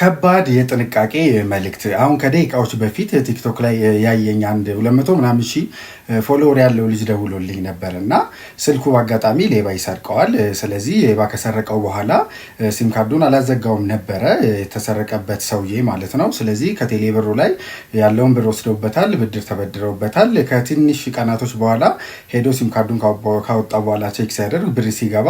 ከባድ የጥንቃቄ መልእክት። አሁን ከደቂቃዎች በፊት ቲክቶክ ላይ ያየኝ አንድ ሁለት መቶ ምናምን ሺ ፎሎወር ያለው ልጅ ደውሎልኝ ነበር እና ስልኩ በአጋጣሚ ሌባ ይሰርቀዋል። ስለዚህ ሌባ ከሰረቀው በኋላ ሲም ካርዱን አላዘጋውም ነበረ የተሰረቀበት ሰውዬ ማለት ነው። ስለዚህ ከቴሌ ብሩ ላይ ያለውን ብር ወስደውበታል፣ ብድር ተበድረውበታል። ከትንሽ ቀናቶች በኋላ ሄዶ ሲም ካርዱን ካወጣ በኋላ ቼክ ሲያደርግ ብር ሲገባ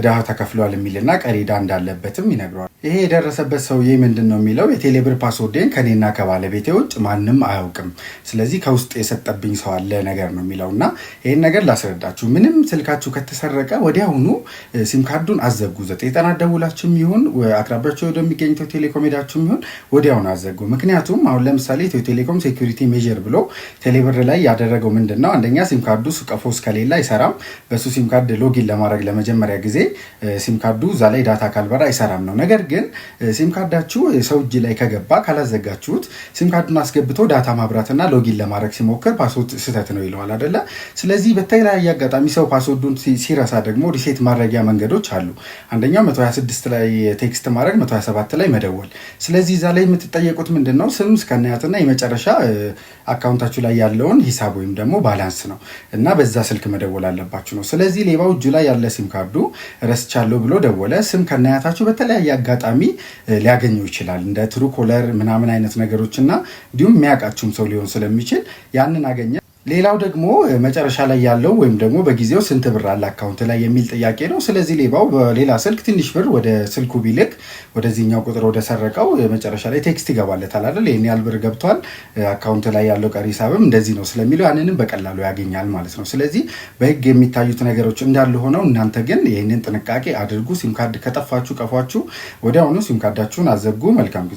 እዳህ ተከፍሏል የሚልና ቀሪ እዳ እንዳለበትም ይነግረዋል። ይሄ የደረሰበት ሰውዬ ምንድን ነው የሚለው የቴሌብር ፓስወርዴን ከኔና ከባለቤቴ ውጭ ማንም አያውቅም። ስለዚህ ከውስጥ የሰጠብኝ ሰው አለ ነገር ነው የሚለው እና ይህን ነገር ላስረዳችሁ። ምንም ስልካችሁ ከተሰረቀ ወዲያውኑ ሲም ካርዱን አዘጉ። ዘጠኝ ጠና ደውላችሁም ይሁን አቅራቢያችሁ ወደሚገኝ ኢትዮ ቴሌኮም ሄዳችሁም ይሁን ወዲያውኑ አዘጉ። ምክንያቱም አሁን ለምሳሌ ኢትዮ ቴሌኮም ሴኩሪቲ ሜዥር ብሎ ቴሌብር ላይ ያደረገው ምንድን ነው አንደኛ ሲም ካርዱ ቀፎ እስከሌለ አይሰራም። በሱ ሲም ካርድ ሎጊን ለማድረግ ለመጀመሪያ ጊዜ ሲም ካርዱ እዛ ላይ ዳታ ካልበራ አይሰራም ነው ነገር ግን ሲም ካርዳችሁ ሰው እጅ ላይ ከገባ ካላዘጋችሁት ሲም ካርዱን አስገብቶ ዳታ ማብራትና ሎጊን ለማድረግ ሲሞክር ፓስወርድ ስህተት ነው ይለዋል አደለ። ስለዚህ በተለያየ አጋጣሚ ሰው ፓስወርዱን ሲረሳ ደግሞ ሪሴት ማድረጊያ መንገዶች አሉ። አንደኛው 126 ላይ ቴክስት ማድረግ፣ 127 ላይ መደወል። ስለዚህ እዛ ላይ የምትጠየቁት ምንድን ነው ስም እስከናያትና የመጨረሻ አካውንታችሁ ላይ ያለውን ሂሳብ ወይም ደግሞ ባላንስ ነው እና በዛ ስልክ መደወል አለባችሁ ነው። ስለዚህ ሌባው እጁ ላይ ያለ ሲም ካርዱ ረስቻለሁ ብሎ ደወለ። ስም ከናያታችሁ በተለያየ አጋ አጋጣሚ ሊያገኘው ይችላል እንደ ትሩ ኮለር ምናምን አይነት ነገሮች እና እንዲሁም የሚያውቃችሁም ሰው ሊሆን ስለሚችል ያንን አገኘ ሌላው ደግሞ መጨረሻ ላይ ያለው ወይም ደግሞ በጊዜው ስንት ብር አለ አካውንት ላይ የሚል ጥያቄ ነው። ስለዚህ ሌባው በሌላ ስልክ ትንሽ ብር ወደ ስልኩ ቢልክ ወደዚህኛው ቁጥር ወደ ሰረቀው መጨረሻ ላይ ቴክስት ይገባለታል አይደል? ይህን ያህል ብር ገብቷል አካውንት ላይ ያለው ቀሪ ሂሳብም እንደዚህ ነው ስለሚለው ያንንም በቀላሉ ያገኛል ማለት ነው። ስለዚህ በህግ የሚታዩት ነገሮች እንዳለ ሆነው እናንተ ግን ይህንን ጥንቃቄ አድርጉ። ሲም ካርድ ከጠፋችሁ ቀፏችሁ፣ ወዲያውኑ ሲም ካርዳችሁን አዘጉ። መልካም ጊዜ